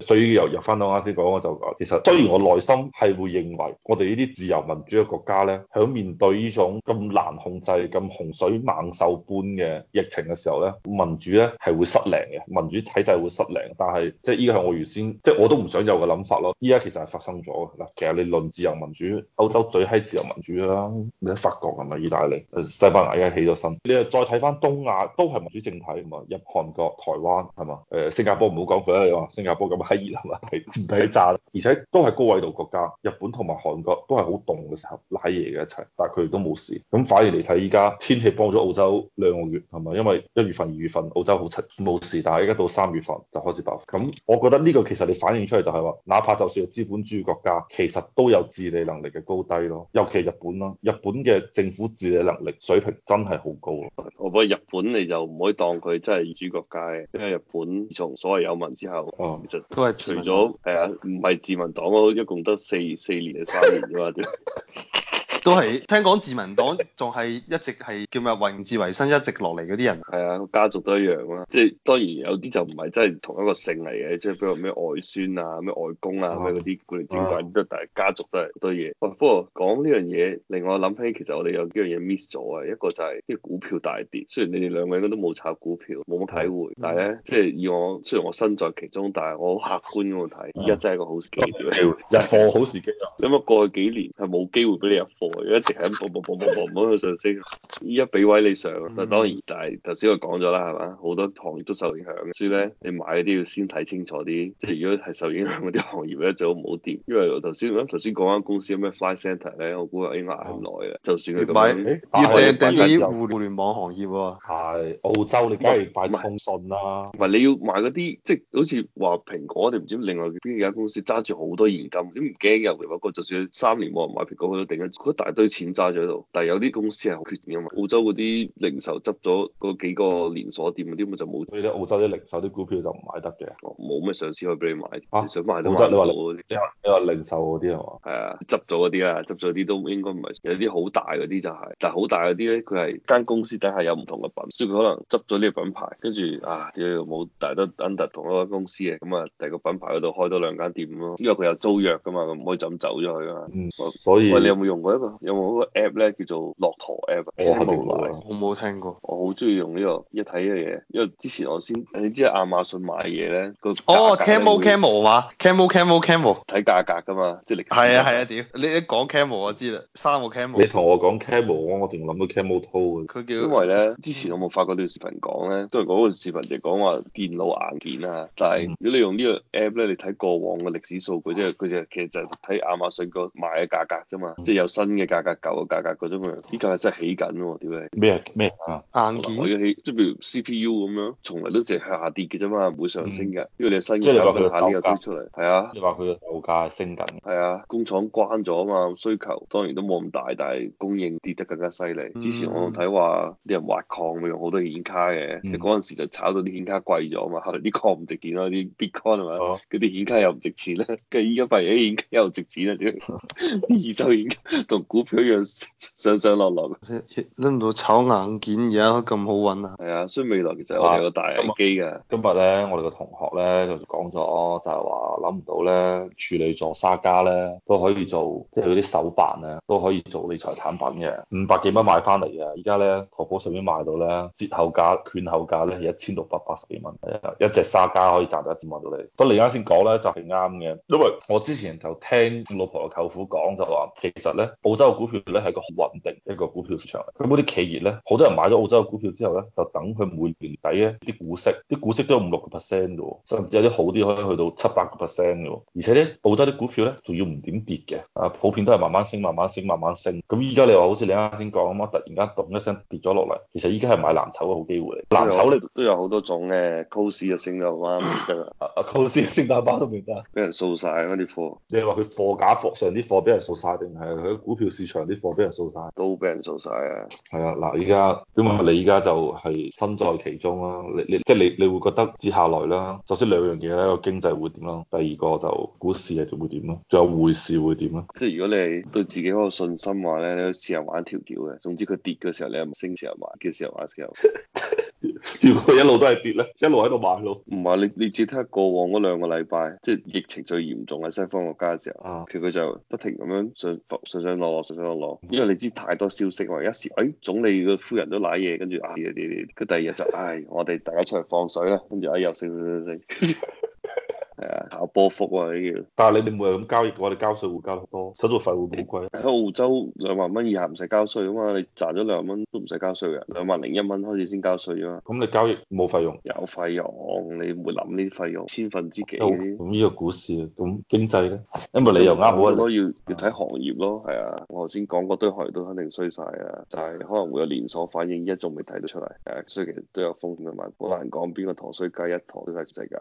所以又入翻到啱先講，我就話其實雖然我內心係會認為，我哋呢啲自由民主嘅國家咧，響面對呢種咁難控制、咁洪水猛獸般嘅疫情嘅時候咧，民主咧係會失靈嘅，民主體制會失靈。但係即係依家係我原先，即係我都唔想有嘅諗法咯。依家其實係發生咗嗱，其實你論自由民主，歐洲最閪自由民主啦，你喺法國係咪，啊？意大利、西班牙而家起咗身，你又再睇翻東亞都係民主政體，係嘛？日韓國、台灣係嘛？誒新加坡唔好講佢啦，你話新加坡咁睇熱，係嘛？睇睇炸，而且都係高緯度國家，日本同埋韓國都係好凍嘅時候，賴嘢嘅一齊，但係佢哋都冇事。咁反而嚟睇依家天氣幫咗澳洲兩個月係咪？因為一月份二月份澳洲好慘冇事，但係依家到三月份就開始爆發。咁我覺得呢個其實你反映出嚟就係話，哪怕就算係資本主義國家，其實都有治理能力嘅高低咯。尤其係日本咯，日本嘅政府治理能力水平真係好高咯。我覺得日本你就唔可以當佢真係資本主義國家，因為日本從所謂有民之後，哦，都係，除咗，誒，唔係自民黨咯，一共得四四年定三年啫嘛。都係聽講，自民黨仲係一直係叫咩榮自為生，一直落嚟嗰啲人，啊。係啊，家族都一樣啦。即係當然有啲就唔係真係同一個姓嚟嘅，即係比如咩外孫啊、咩外公啊、咩嗰啲古靈精怪都，啊，但係家族都係好多嘢，啊。不過講呢樣嘢令我諗起，其實我哋有幾樣嘢 miss 咗啊。一個就係啲股票大跌，雖然你哋兩個應該都冇炒股票，冇乜體會，但係咧，即係以我雖然我身在其中，但係我好客觀咁睇，依家真係個好時機。機會入貨好時機啊！咁為過去幾年係冇機會俾你入貨。 一直喺咁搏搏搏搏搏，唔好去上升。依家俾位你上，但當然，但係頭先我講咗啦，係嘛？好多行業都受影響，所以咧，你買嗰啲要先睇清楚啲。即係如果係受影響嗰啲行業咧，最好唔好掂。因為頭先咁頭先講間公司有咩 Fly Center 咧，我估應該捱唔耐嘅。哦、就算佢買，要、欸、你掟住啲互聯網行業喎、啊。係澳洲你、啊，你梗係買通訊啦。唔係你要買嗰啲，即係好似話蘋果，定唔知另外邊間公司揸住好多現金，你唔驚入蘋果？個就算三年冇人買蘋果，佢都定緊。大堆錢揸咗喺度，但係有啲公司係好缺錢啊嘛。澳洲嗰啲零售執咗嗰幾個連鎖店，啲咪就冇。所以咧，澳洲啲零售啲股票就唔買得嘅。冇咩上市公司可以俾你買。啊、想買得。你話你話零售嗰啲係嘛？係啊，執咗嗰啲啦，執咗啲都應該唔係。有啲好大嗰啲就係、是，但係好大嗰啲咧，佢係間公司底下有唔同嘅品，所以佢可能執咗呢個品牌，跟住啊，又冇大得 under 同一間公司嘅，咁啊，第二個品牌嗰度開咗兩間店咯。因為佢有租約㗎嘛，唔可以就咁走咗佢啊，所以你有冇用過一個？有冇嗰個 app 咧叫做駱駝 app？Oh, ies, 我冇買，我冇聽過。我好中意用呢、這個一睇嘅嘢，因為之前我先你知亞馬遜買嘢咧哦 camel camel 啊嘛，camel camel camel 睇價格㗎、oh, 嘛，即係歷史係啊係啊點，你一講 camel 我知啦，三個 camel。你同我講 camel 我我仲諗到 camel toe 佢叫，因為咧之前我冇發過段視頻講咧，都係嗰段視頻就講話電腦硬件啊，但係如果你用呢個 app 咧，你睇過往嘅歷史數據，即係佢就其實就係睇亞馬遜個賣嘅價格啫嘛，即係有新。嘅價格舊嘅價格嗰種啊，啲價格真係起緊喎，點解？咩咩啊硬件起，即係譬如 C P U 咁樣，從來都淨係下跌嘅啫嘛，唔會上升嘅。嗯、因為你新嘅時候佢下跌又推出嚟，係啊。你話佢個價升緊，係啊。工廠關咗啊嘛，需求當然都冇咁大，但係供應跌得更加犀利。之前我睇話啲人挖礦會用好多顯卡嘅，其實嗰陣時就炒到啲顯卡貴咗啊嘛，後嚟啲礦唔值錢啦、啊，啲 Bitcoin 係嘛，嗰啲顯卡又唔值錢啦、啊，跟住依家發現啲顯卡又值錢啦、啊，點樣、啊、 二手顯卡都～股票一樣上上落落，拎唔到炒硬件而家咁好揾啊！係啊，所以未來其實我哋有個大機嘅今日天咧，我哋個同學咧就講咗，就係話諗唔到咧，處理座沙加咧都可以做，即係嗰啲手辦啊都可以做理財產品嘅。五百幾蚊買翻嚟嘅，呢土土呢家家 1, 而家咧，淘寶上面賣到咧，折後價、券後價咧，一千六百八十幾蚊，一隻沙加可以賺到一千蚊到你。咁你啱先講咧就係啱嘅，因為 No, 我之前就聽老婆嘅舅父講就話，其實咧澳洲嘅股票咧係個好穩定一個股票市場，咁嗰啲企業咧，好多人買咗澳洲嘅股票之後咧，就等佢每年底咧啲股息，啲股息都有五六個 percent 嘅，甚至有啲好啲可以去到七八個 percent 嘅，而且咧澳洲啲股票咧仲要唔點跌嘅，啊普遍都係慢慢升、慢慢升、慢慢升。咁依家你話好似你啱啱先講咁，突然間咚一聲跌咗落嚟，其實依家係買藍籌嘅好機會。藍籌咧都有好多種嘅，高市嘅升到翻，啊高市升大包都未得，俾人掃晒嗰啲貨。你係話佢貨架貨上啲貨俾人掃晒定係佢啲股票？市場啲貨俾人掃晒，都俾人掃晒啊！係啊，嗱，依家因為你依家就係身在其中啦，你你即係、就是、你你會覺得接下來啦，首先兩樣嘢咧，一個經濟會點咯，第二個就股市係會點咯，仲有匯市會點咯。即係如果你係對自己有信心話咧，你試下玩調調嘅。總之佢跌嘅時候你唔升時，試下玩時，跌嘅時候玩，試下。如果一路都係跌咧，一路喺度買咯。唔係，你你只睇過往嗰兩個禮拜，即係疫情最嚴重嘅西方國家嘅時候，佢佢就不停咁樣上上上落落上上落落。因為你知太多消息，話一時，哎，總理個夫人都瀨嘢，跟住啊啲佢第二日就，唉，我哋大家出嚟放水啦，跟住啊又升升升升。係啊，炒波幅啊呢啲。但係你哋每日咁交易嘅話，你交稅會交得多，手續費會好貴。喺澳洲兩萬蚊以下唔使交稅啊嘛，你賺咗兩萬蚊都唔使交稅嘅，兩萬零一蚊開始先交稅啊嘛。咁你交易冇費用？有費用，你唔會諗呢啲費用千分之幾。咁呢個股市，咁經濟咧，因為理由啱好多，要要睇行業咯，係啊。我頭先講嗰堆行業都肯定衰晒啊。但係可能會有連鎖反應，一仲未睇得出嚟，誒，所以其實都有風險嘛。好難講邊個糖衰雞一糖衰晒全世界。